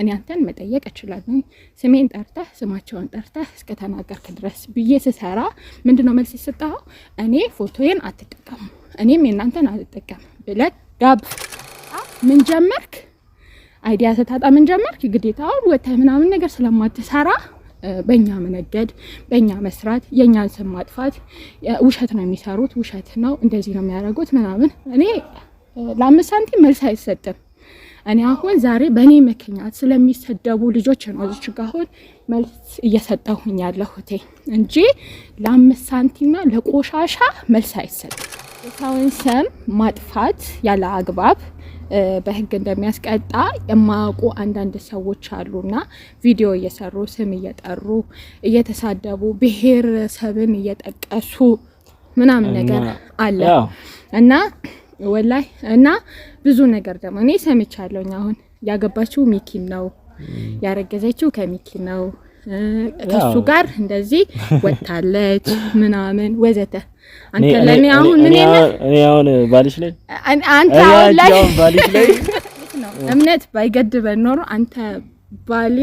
እኔ አንተን መጠየቅ እችላለሁ። ስሜን ጠርተህ ስማቸውን ጠርተህ እስከተናገርክ ድረስ ብዬ ስሰራ ምንድነው መልስ የሰጠኸው? እኔ ፎቶዬን አትጠቀሙ፣ እኔም የእናንተን አልጠቀም ብለህ ጋብ ምን ጀመርክ? አይዲያ ስታጣ ምን ጀመርክ? ግዴታ ወተህ ምናምን ነገር ስለማትሰራ በእኛ መነገድ በእኛ መስራት የእኛን ስም ማጥፋት ውሸት ነው የሚሰሩት፣ ውሸት ነው እንደዚህ ነው የሚያደርጉት ምናምን። እኔ ለአምስት ሳንቲም መልስ አይሰጥም። እኔ አሁን ዛሬ በእኔ ምክንያት ስለሚሰደቡ ልጆች ነው እዚች ጋ አሁን መልስ እየሰጠሁኝ ያለሁት እንጂ ለአምስት ሳንቲምና ለቆሻሻ መልስ አይሰጥም። የሰውን ስም ማጥፋት ያለ አግባብ በህግ እንደሚያስቀጣ የማያውቁ አንዳንድ ሰዎች አሉና ቪዲዮ እየሰሩ ስም እየጠሩ እየተሳደቡ ብሔረሰብን እየጠቀሱ ምናምን ነገር አለ እና ወላይ እና ብዙ ነገር ደግሞ እኔ ሰምቻለሁኝ። አሁን ያገባችው ሚኪን ነው ያረገዘችው ከሚኪ ነው ከሱ ጋር እንደዚህ ወታለች ምናምን ወዘተ። አንተ ለኔ አሁን ምን እኔ አሁን ባልሽ ላይ አንተ አሁን ላይ እምነት ባይገድበን ኖሮ አንተ ባሌ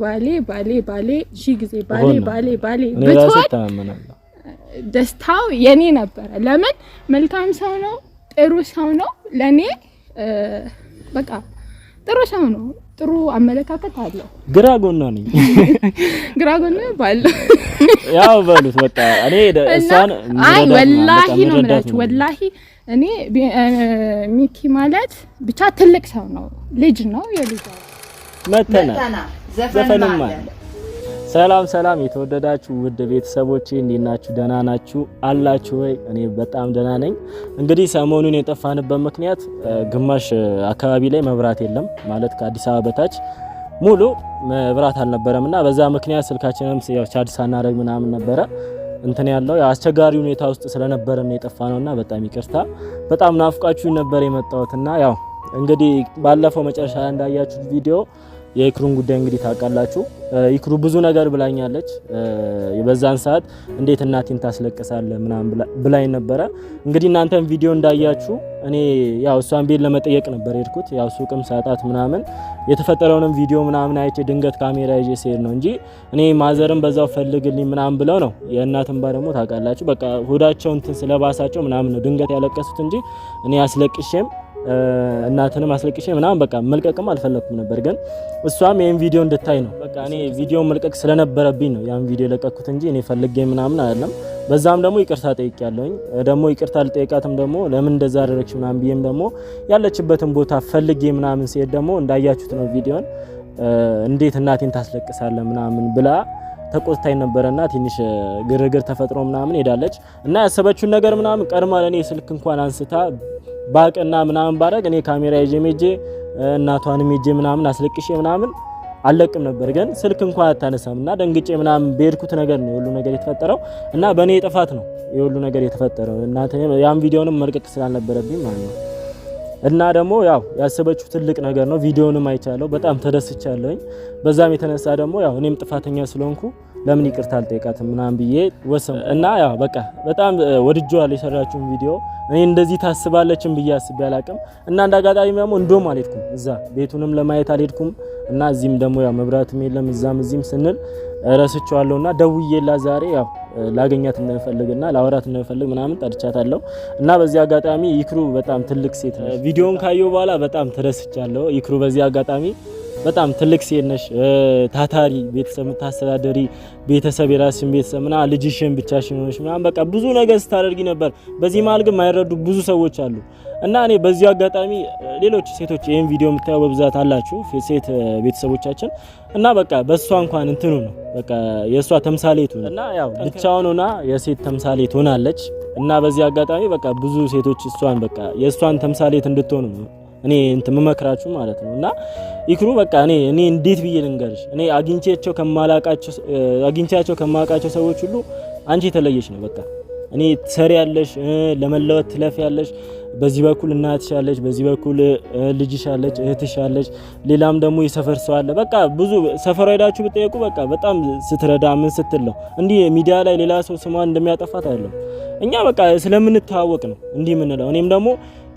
ባሌ ባሌ ባሌ ጊዜ ባሌ ባሌ ባሌ ብትሆን ደስታው የኔ ነበረ። ለምን መልካም ሰው ነው ጥሩ ሰው ነው። ለእኔ በቃ ጥሩ ሰው ነው። ጥሩ አመለካከት አለው። ግራ ጎና ነኝ፣ ግራ ጎና ባለው ያው በሉት በቃ እኔ እሷን አይ ወላሂ ነው የምላችሁ ወላሂ እኔ ሚኪ ማለት ብቻ ትልቅ ሰው ነው። ልጅ ነው የልጅ መተና ዘፈንም አለ ሰላም ሰላም የተወደዳችሁ ውድ ቤተሰቦቼ እንዴት ናችሁ? ደህና ናችሁ አላችሁ ወይ? እኔ በጣም ደህና ነኝ። እንግዲህ ሰሞኑን የጠፋንበት ምክንያት ግማሽ አካባቢ ላይ መብራት የለም ማለት ከአዲስ አበባ በታች ሙሉ መብራት አልነበረም እና በዛ ምክንያት ስልካችንም ቻርጅ ሳናደርግ ምናምን ነበረ እንትን ያለው አስቸጋሪ ሁኔታ ውስጥ ስለነበረ ነው የጠፋ በጣም ይቅርታ። በጣም ናፍቃችሁ ነበር የመጣሁትና ያው እንግዲህ ባለፈው መጨረሻ እንዳያችሁት ። ቪዲዮ የኢክሩን ጉዳይ እንግዲህ ታውቃላችሁ። ኢክሩ ብዙ ነገር ብላኛለች። በዛን ሰዓት እንዴት እናቴን ታስለቅሳለ ምናም ብላኝ ነበረ። እንግዲህ እናንተም ቪዲዮ እንዳያችሁ እኔ ያው እሷን ቤት ለመጠየቅ ነበር የሄድኩት። ያው ሱቅም ሳጣት ምናምን የተፈጠረውንም ቪዲዮ ምናምን አይቼ ድንገት ካሜራ ይዤ ስሄድ ነው እንጂ እኔ ማዘርም በዛው ፈልግልኝ ምናምን ብለው ነው። የእናት ባደሞ ደግሞ ታውቃላችሁ፣ በቃ ሆዳቸው እንትን ስለባሳቸው ምናምን ነው ድንገት ያለቀሱት እንጂ እኔ አስለቅሼም እናትንም አስለቅሼ ምናምን በቃ መልቀቅም አልፈለኩም ነበር፣ ግን እሷም ይህን ቪዲዮ እንድታይ ነው። በቃ እኔ ቪዲዮ መልቀቅ ስለነበረብኝ ነው ያን ቪዲዮ የለቀኩት እንጂ እኔ ፈልጌ ምናምን አይደለም። በዛም ደግሞ ይቅርታ ያለውኝ ደግሞ ይቅርታ ልጠይቃትም ደግሞ ለምን እንደዛ አደረግሽ ምናምን ብዬም ደግሞ ያለችበትን ቦታ ፈልጌ ምናምን ሲሄድ ደግሞ እንዳያችሁት ነው ቪዲዮን እንዴት እናቴን ታስለቅሳለ ምናምን ብላ ተቆጥታኝ ነበረና ትንሽ ግርግር ተፈጥሮ ምናምን ሄዳለች እና ያሰበችውን ነገር ምናምን ቀድማ ለእኔ ስልክ እንኳን አንስታ ባቅና ምናምን ባረግ እኔ ካሜራ ይዤ ሜጄ እናቷንም ሜጄ ምናምን አስለቅሼ ምናምን አለቅም ነበር። ግን ስልክ እንኳን አታነሳም እና ደንግጬ ምናምን በሄድኩት ነገር ነው የሁሉ ነገር የተፈጠረው እና በእኔ ጥፋት ነው የሁሉ ነገር የተፈጠረው እና ያን ቪዲዮንም መልቀቅ ስላልነበረብኝ ማለት ነው። እና ደግሞ ያው ያሰበችው ትልቅ ነገር ነው። ቪዲዮንም አይቻለሁ፣ በጣም ተደስቻለሁኝ። በዛም የተነሳ ደግሞ ያው እኔም ጥፋተኛ ስለሆንኩ ለምን ይቅርታ አልጠይቃትም ምናምን ብዬ ወሰንኩ እና ያው በቃ በጣም ወድጄዋለሁ የሰራችውን ቪዲዮ። እኔ እንደዚህ ታስባለችም ብዬ አስቤ አላቅም። እና እንደ አጋጣሚ ደግሞ እንደውም አልሄድኩም እዛ ቤቱንም ለማየት አልሄድኩም እና እዚህም ደግሞ ያው መብራትም የለም እዛም እዚህም ስንል ረስቼዋለሁና ደውዬላ ዛሬ ያው ላገኛት እንደምፈልግ እና ላወራት እንደምፈልግ ምናምን ጠርቻታለሁ እና በዚህ አጋጣሚ ይክሩ በጣም ትልቅ ሴት ነች። ቪዲዮን ካየሁ በኋላ በጣም ትረስቻለሁ። ይክሩ በዚህ አጋጣሚ በጣም ትልቅ ሴት ነሽ፣ ታታሪ ቤተሰብ የምታስተዳደሪ ቤተሰብ የራስሽን ቤተሰብ ምና ልጅሽን ብቻሽን ሆነሽ ምናምን በቃ ብዙ ነገር ስታደርጊ ነበር። በዚህ መሀል ግን ማይረዱ ብዙ ሰዎች አሉ እና እኔ በዚህ አጋጣሚ ሌሎች ሴቶች ይህን ቪዲዮ የምታየው በብዛት አላችሁ ሴት ቤተሰቦቻችን እና በቃ በእሷ እንኳን እንትኑ ነው በቃ የእሷ ተምሳሌት ሆነ እና ያው ብቻውን ሆና የሴት ተምሳሌት ሆናለች። እና በዚህ አጋጣሚ በቃ ብዙ ሴቶች እሷን በቃ የእሷን ተምሳሌት እንድትሆኑ እኔ እንትን መመክራችሁ ማለት ነው። እና ኢክሩ በቃ እኔ እኔ እንዴት ብዬ ልንገርሽ፣ እኔ አግኝቼያቸው ከማላቃቸው አግኝቼያቸው ከማውቃቸው ሰዎች ሁሉ አንቺ የተለየች ነው በቃ እኔ ትሰሪ ያለሽ ለመለወት ትለፍ ያለሽ በዚህ በኩል እናትሽ ያለች፣ በዚህ በኩል ልጅሽ ያለች፣ እህትሽ ያለች፣ ሌላም ደግሞ የሰፈር ሰው አለ። በቃ ብዙ ሰፈር ሄዳችሁ ብጠየቁ በቃ በጣም ስትረዳ ምን ስትል ነው እንዲህ ሚዲያ ላይ ሌላ ሰው ስሟን እንደሚያጠፋት አይደለም። እኛ በቃ ስለምንተዋወቅ ነው እንዲህ የምንለው። እኔም ደግሞ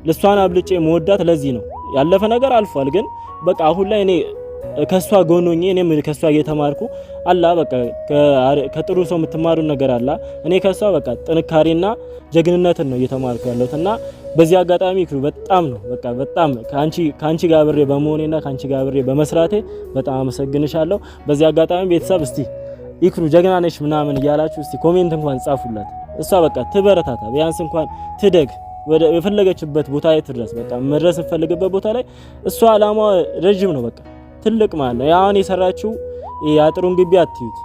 ልሷን አብልጬ መወዳት ለዚህ ነው። ያለፈ ነገር አልፏል። ግን በቃ አሁን ላይ እኔ ከሷ ጎን እኔም ከእሷ እየተማርኩ አላ በቃ ከጥሩ ሰው የምትማሩ ነገር አላ እኔ ከሷ በቃ ጥንካሬና ጀግንነትን ነው እየተማርኩ ያለሁት እና በዚህ አጋጣሚ ክሩ በጣም ነው በቃ በጣም ከአንቺ ጋብሬ ጋር በመሆኔና ከአንቺ ጋር በመስራቴ በጣም አመሰግንሻለሁ። በዚህ አጋጣሚ ቤተሰብ እስቲ ይክሩ ጀግና ነሽ ምናምን እያላችሁ እስቲ ኮሜንት እንኳን ጻፉላት። እሷ በቃ ትበረታታ፣ ቢያንስ እንኳን ትደግ ወደ የፈለገችበት ቦታ ላይ ትድረስ። በቃ መድረስ የምፈልግበት ቦታ ላይ እሷ አላማዋ ረጅም ነው በቃ ትልቅ ማለት ነው። አሁን የሰራችው የአጥሩን ግቢ አትዩት።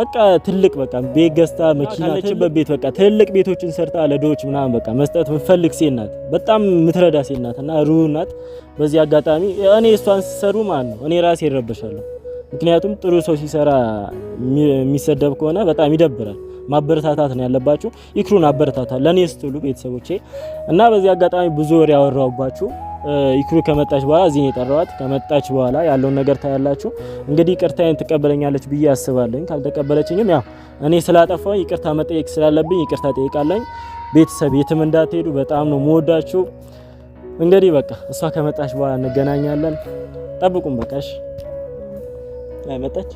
በቃ ትልቅ በቃ ቤት ገዝታ መኪና ተለችበት ቤት በቃ ትልቅ ቤቶችን ሰርታ ለዶች ምናምን በቃ መስጠት የምትፈልግ ሴት ናት። በጣም የምትረዳ ሴት ናት እና ሩህ ናት። በዚህ አጋጣሚ እኔ እሷን ሲሰሩ ማለት ነው እኔ ራሴ ይረበሻለሁ። ምክንያቱም ጥሩ ሰው ሲሰራ የሚሰደብ ከሆነ በጣም ይደብራል። ማበረታታት ነው ያለባችሁ። ይክሩን አበረታታ ለእኔ ስትሉ ቤተሰቦቼ እና በዚህ አጋጣሚ ብዙ ወሬ ያወራውባችሁ ኢክሩ ከመጣች በኋላ እዚህ ነው የጠራዋት። ከመጣች በኋላ ያለውን ነገር ታያላችሁ። እንግዲህ ይቅርታዬን ትቀበለኛለች ብዬ አስባለኝ። ካልተቀበለችኝም ያው እኔ ስላጠፋው ይቅርታ መጠየቅ ስላለብኝ ይቅርታ ጠይቃለኝ። ቤተሰብ የትም እንዳትሄዱ፣ በጣም ነው የምወዳችሁ። እንግዲህ በቃ እሷ ከመጣች በኋላ እንገናኛለን። ጠብቁም። በቃሽ መጣች።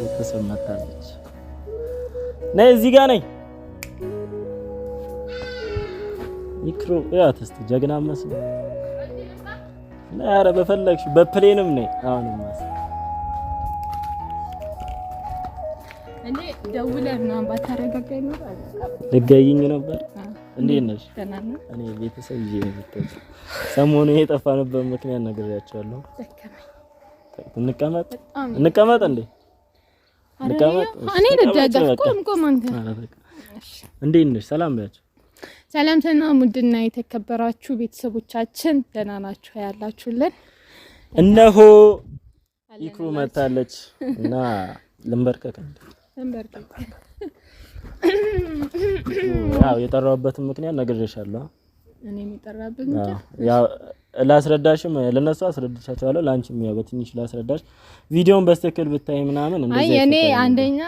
ቤተሰብ መታለች። ነይ እዚህ ጋር ነኝ ሚክሮ ያት እስቲ ጀግና መስሎ ነው። ኧረ በፈለግሽ በፕሌንም ነይ። አሁንም እኔ ደውለህ ምናምን ባታረጋጋኝ ነበር። እንዴት ነሽ? እኔ ቤተሰብ ይዤ ነው የመጣሁት። ሰሞኑን የጠፋንበት ምክንያት ነግሬያቸዋለሁ። እንቀመጥ እንቀመጥ እንዴ እንቀመጥ። እኔ ልደገፍ። ቆም ቆም። አንተ እንዴት ነሽ? ሰላም በያቸው ሰላም ሰላም፣ ውድና የተከበራችሁ ቤተሰቦቻችን ደህና ናችሁ ያላችሁልን? እነሆ ኢክሩ መታለች እና ልንበርከክ ልንበርከክ። ያው የጠራሁበትን ምክንያት ነግሬሻለሁ። እኔ የጠራሁበት ምክንያት ያው ላስረዳሽም ለነሱ አስረድቻቸዋለሁ። ለአንቺም ያው በትንሽ ላስረዳሽ ቪዲዮውን በስትክክል ብታይ ምናምን እንደዚህ። አይ እኔ አንደኛ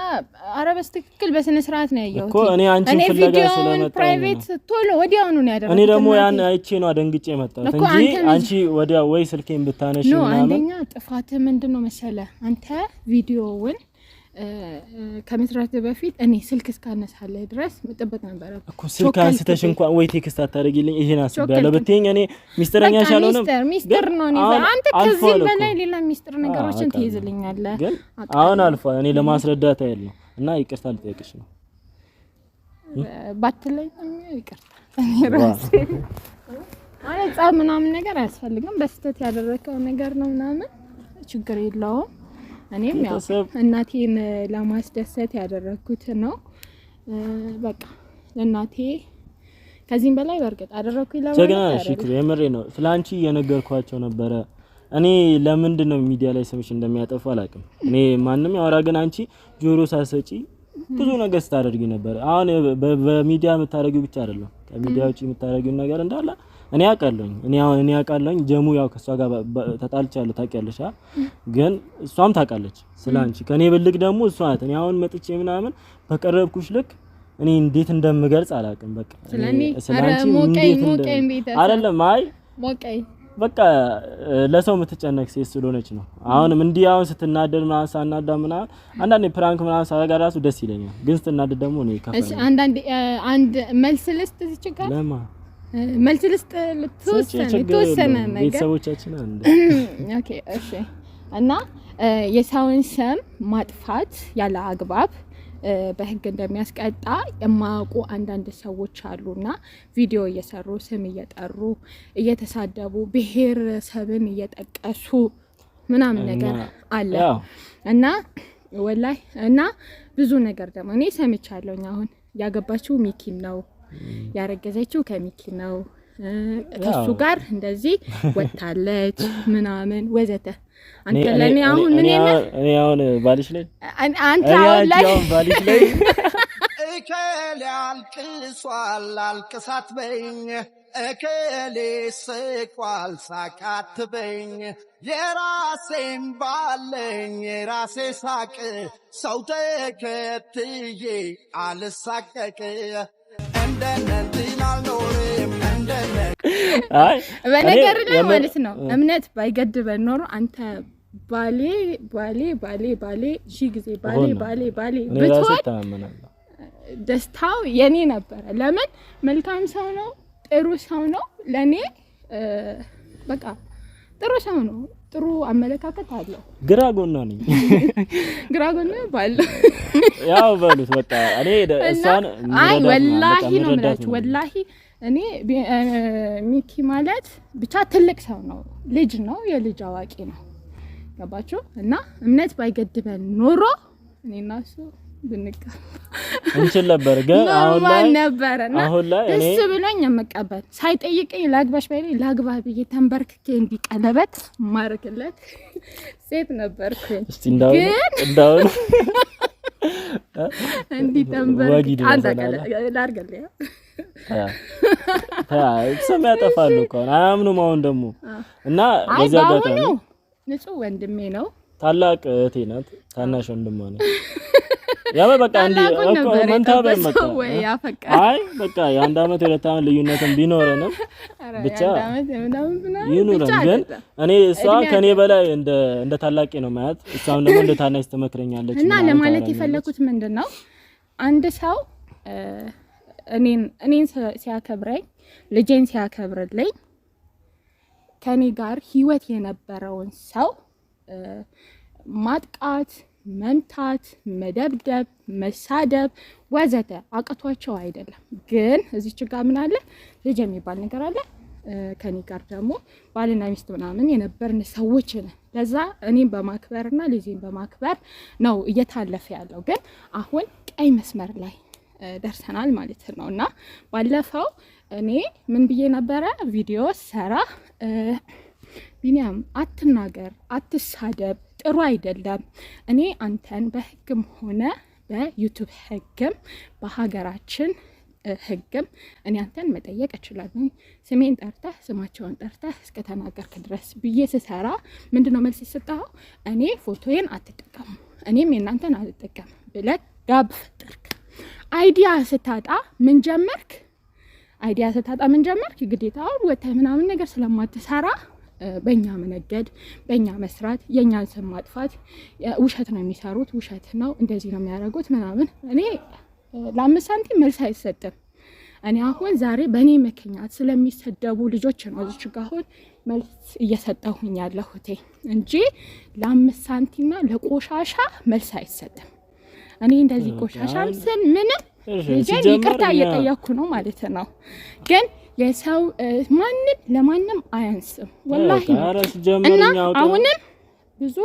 አረ በስትክክል በስነ ስርዓት ነው ያየሁት እኮ እኔ አንቺን ፍለጋ ስለመጣሁ ፕራይቬት ቶሎ ወዲያውኑ ነው ያደረኩት። እኔ ደግሞ ያን አይቼ ነው አደንግጬ የመጣሁት እንጂ አንቺ ወዲያ ወይ ስልኬን ብታነሺ ምናምን። አንደኛ ጥፋት ምንድን ነው መሰለህ አንተ ቪዲዮውን ከመስራት በፊት እኔ ስልክ እስካነሳለ ድረስ መጠበቅ ነበረ ስልክ አንስተሽ እንኳን ወይ ቴክስት አታደርጊልኝ ይሄን አስቤያለሁ ብትይኝ እኔ ሚስጥረኛ ሻለሆነ ሚስጥር ነው። አንተ ከዚህ በላይ ሌላ ሚስጥር ነገሮችን ትይዝልኛለህ። አሁን አልፏል። እኔ ለማስረዳት ያለው እና ይቅርታ ልጠይቅሽ ነው ባትለኝ ይቅርታ ማለት ጻ ምናምን ነገር አያስፈልግም። በስተት ያደረከው ነገር ነው ምናምን ችግር የለውም። እኔም ያው እናቴን ለማስደሰት ያደረግኩት ነው። በቃ ለእናቴ ከዚህም በላይ በእርግጥ አደረግኩኝ ለማለት የምሬ ነው። ስለ አንቺ እየነገርኳቸው ነበረ። እኔ ለምንድን ነው ሚዲያ ላይ ስምሽ እንደሚያጠፉ አላውቅም። እኔ ማንም ያወራ፣ ግን አንቺ ጆሮ ሳሰጪ ብዙ ነገር ስታደርጊ ነበር። አሁን በሚዲያ የምታደርጊው ብቻ አይደለም ከሚዲያ ውጭ የምታደርጊው ነገር እንዳለ እኔ ያውቃለሁኝ እኔ አሁን እኔ ያውቃለሁኝ ጀሙ ያው ከሷ ጋር ተጣልቻለሁ ታውቂያለሽ። ግን እሷም ታውቃለች ስላንቺ ከኔ ብልቅ ደግሞ እሷ ናት። እኔ አሁን መጥቼ ምናምን በቀረብኩሽ ልክ እኔ እንዴት እንደምገልጽ አላውቅም። በቃ ስላንቺ እንዴት አይደለም አይ በቃ ለሰው የምትጨነቅ ሴት ስለሆነች ነው። አሁንም እንዲህ አሁን ስትናደድ ምናምን ሳናዳ ምናምን አንዳንዴ ፕራንክ ምናምን ሳደርግ ራሱ ደስ ይለኛል። ግን ስትናደድ ደግሞ እኔ ይከፋል። አንዳንዴ አንድ መልስ ልስጥ ትችጋል ለማ መልስ ልስጥ። ልትወሰነ የተወሰነ ነገር ቤተሰቦቻችን አንድ ኦኬ፣ እሺ። እና የሰውን ስም ማጥፋት ያለ አግባብ በህግ እንደሚያስቀጣ የማያውቁ አንዳንድ ሰዎች አሉ። አሉና ቪዲዮ እየሰሩ ስም እየጠሩ እየተሳደቡ ብሔረሰብን እየጠቀሱ ምናምን ነገር አለ እና ወላይ እና ብዙ ነገር ደግሞ እኔ ሰምቻለሁኝ። አሁን ያገባችው ሚኪን ነው ያረገዘችው ከሚኪ ነው። ከሱ ጋር እንደዚህ ወጥታለች ምናምን ወዘተ። አንተ ለኔ አሁን ምን እኔ አሁን ባልሽ ላይ አንተ አሁን ላይ ባልሽ ላይ እከሌ አልቅሷል አልቅሳት በኝ እከሌ ስቋል ሳቃት በኝ ባለኝ የራሴ ሳቅ ሰው ተከትዬ አልሳቀቅ በነገር ላይ ማለት ነው እምነት ባይገድበን ኖሮ አንተ ባሌ ባሌ ባሌ ባሌ ሺህ ጊዜ ባሌ ባሌ ባሌ ብትሆን ደስታው የኔ ነበረ። ለምን መልካም ሰው ነው፣ ጥሩ ሰው ነው፣ ለእኔ በቃ ጥሩ ሰው ነው። ጥሩ አመለካከት አለው። ግራ ጎና ነኝ። ግራ ጎና ባለ ያው በሉት በቃ እኔ እሷን አይ ወላሂ ነው የምላችሁ። ወላሂ እኔ ሚኪ ማለት ብቻ ትልቅ ሰው ነው፣ ልጅ ነው፣ የልጅ አዋቂ ነው። ገባችሁ? እና እምነት ባይገድበን ኖሮ እኔና እሱ ብንቀ እንችል ነበር፣ ግን አሁን ላይ ነበር እና እሱ ብሎኝ የምቀበል ሳይጠይቀኝ ላግባሽ ባይ ላግባ ብዬ ተንበርክኬ እንዲቀለበት ማረክለት ሴት ነበርኩኝ። እስቲ እንዳው እንዳው እንዲተንበርክ አንተ ላርገልህ ስም ያጠፋሉ እኮ አያምኑም። አሁን ደግሞ እና በዚህ አጋጣሚ ንጹህ ወንድሜ ነው፣ ታላቅ እህቴ ናት፣ ታናሽ ወንድሜ ነው። ያ በቃ እንዲ መንታ አይ በቃ የአንድ አመት የሁለት አመት ልዩነትም ቢኖረንም ብቻ ይኑረን። ግን እኔ እሷ ከኔ በላይ እንደ እንደ ታላቂ ነው ማያት፣ እሷም ደግሞ እንደ ታናሽ ትመክረኛለች። እና ለማለት የፈለኩት ምንድን ነው አንድ ሰው እኔን እኔን ሲያከብረኝ ልጄን ሲያከብርልኝ ከኔ ጋር ህይወት የነበረውን ሰው ማጥቃት መምታት፣ መደብደብ፣ መሳደብ ወዘተ አቅቷቸው አይደለም። ግን እዚች ጋር ምን አለ ልጅ የሚባል ነገር አለ። ከኔ ጋር ደግሞ ባልና ሚስት ምናምን የነበርን ሰዎች ነን። ለዛ እኔም በማክበርና ልጄን በማክበር ነው እየታለፈ ያለው። ግን አሁን ቀይ መስመር ላይ ደርሰናል ማለት ነው። እና ባለፈው እኔ ምን ብዬ ነበረ ቪዲዮ ሰራ ቢኒያም አትናገር፣ አትሳደብ ጥሩ አይደለም። እኔ አንተን በህግም ሆነ በዩቱብ ህግም በሀገራችን ህግም እኔ አንተን መጠየቅ እችላለሁ። ስሜን ጠርተህ ስማቸውን ጠርተህ እስከተናገርክ ድረስ ብዬ ስሰራ ምንድነው መልስ የሰጠኸው? እኔ ፎቶዬን አትጠቀሙ እኔም የእናንተን አልጠቀም ብለህ ጋብ ፈጠርክ። አይዲያ ስታጣ ምን ጀመርክ? አይዲያ ስታጣ ምን ጀመርክ? ግዴታውን ወተህ ምናምን ነገር ስለማትሰራ በእኛ መነገድ፣ በእኛ መስራት፣ የእኛን ስም ማጥፋት ውሸት ነው የሚሰሩት፣ ውሸት ነው እንደዚህ ነው የሚያደርጉት ምናምን። እኔ ለአምስት ሳንቲም መልስ አይሰጥም። እኔ አሁን ዛሬ በእኔ ምክንያት ስለሚሰደቡ ልጆች ነው እዚች ጋ አሁን መልስ እየሰጠሁኝ ያለሁቴ እንጂ ለአምስት ሳንቲምና ለቆሻሻ መልስ አይሰጥም። እኔ እንደዚህ ቆሻሻም ስን ምንም ልጄን ይቅርታ እየጠየኩ ነው ማለት ነው ግን የሰው ማንም ለማንም አያንስም ወላሂ እና አሁንም ብዙ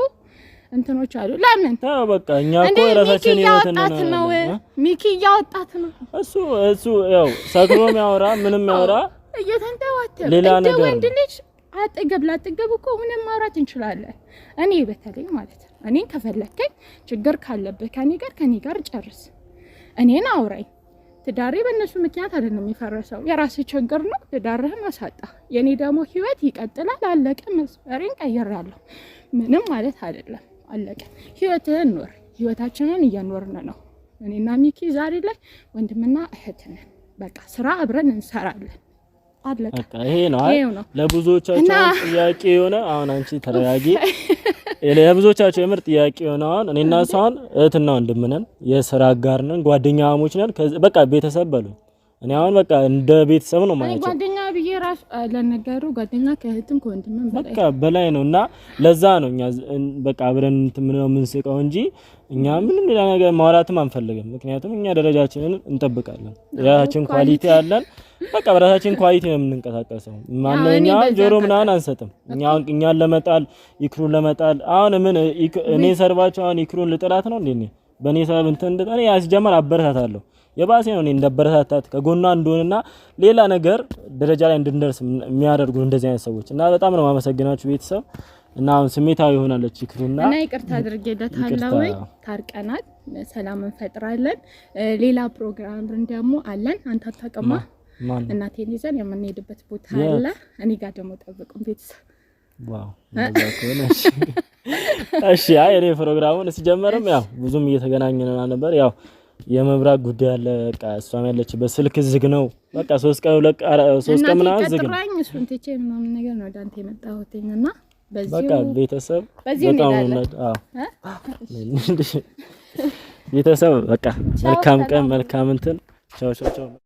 እንትኖች አሉ። ለምን በቃ እኛ እኮ ራሳችን እያወጣት ነው፣ ሚኪ እያወጣት ነው። እሱ እሱ ያው ሰክሮም ያወራ ምንም ያወራ እየተንተዋተረ ሌላ ነገር ወንድ ልጅ አጠገብ ላጠገብ እኮ ምንም ማውራት እንችላለን። እኔ በተለይ ማለት ነው እኔን ከፈለከኝ ችግር ካለብህ ከኔ ጋር ከኔ ጋር ጨርስ፣ እኔን አውራኝ ትዳሬ በእነሱ ምክንያት አይደለም የፈረሰው፣ የራስ ችግር ነው። ትዳርህም አሳጣ። የኔ ደግሞ ህይወት ይቀጥላል። አለቀ። መስመሬን ቀይራለሁ። ምንም ማለት አይደለም። አለቀ። ህይወትህን ኖር። ህይወታችንን እየኖርን ነው። እኔና ሚኪ ዛሬ ላይ ወንድምና እህት ነን። በቃ ስራ አብረን እንሰራለን። አለቀ። ይሄ ነው ለብዙዎቻቸው ጥያቄ የሆነ አሁን አንቺ ተረጋጊ። ለብዙዎቻቸው የምር ጥያቄ የሆነውን እኔና እሷን እህትና ወንድም ነን፣ የስራ አጋር ነን፣ ጓደኛሞች ነን። በቃ ቤተሰብ በሉ። እኔ አሁን በቃ እንደ ቤተሰብ ነው ማለት ነው። ለነገሩ ጓደኛ ከእህትም ከወንድምም በቃ በላይ ነው እና ለዛ ነው እኛ በቃ አብረን ምንነው የምንስቀው እንጂ እኛ ምንም ሌላ ነገር ማውራትም አንፈልግም። ምክንያቱም እኛ ደረጃችንን እንጠብቃለን። የራሳችን ኳሊቲ አለን። በቃ በራሳችን ኳሊቲ ነው የምንንቀሳቀሰው። ማንኛውም ጆሮ ምናምን አንሰጥም። እኛን ለመጣል ይክሩን ለመጣል አሁን ምን እኔ ሰርባቸው አሁን ይክሩን ልጥላት ነው እንዴ? በእኔ ሰበብ እንትን እንድጠኔ ያስጀመር አበረታታለሁ። የባሴ ነው እኔ እንዳበረታታት ከጎኗ እንደሆንና ሌላ ነገር ደረጃ ላይ እንድንደርስ የሚያደርጉ እንደዚህ አይነት ሰዎች እና በጣም ነው የማመሰግናችሁ ቤተሰብ እና አሁን ስሜታዊ ይሆናለች ይክሩና እና ይቅርታ አድርጌለታለሁ። ታርቀናል፣ ሰላም እንፈጥራለን። ሌላ ፕሮግራም ደግሞ አለን። አንተ አታውቅማ እናቴን ይዘን የምንሄድበት ቦታ አለ። እኔ ጋር ደግሞ ጠብቁን ቤተሰብ እሺ አይ እኔ ፕሮግራሙን ሲጀመርም ያው ብዙም እየተገናኘን ነበር። ያው የመብራት ጉዳይ አለ። በቃ እሷም ያለች በስልክ ዝግ ነው። በቃ ሶስት ቀን ሁለት ቀን ሶስት ቀን ምናምን ዝግ ነው። እሱን ትቼ ምናምን ነገር ነው ዳንቴ አንተ የመጣሁት እና በቃ ቤተሰብ በጣም ነው። አዎ ቤተሰብ በቃ መልካም ቀን መልካም እንትን ቻው ቻው ቻው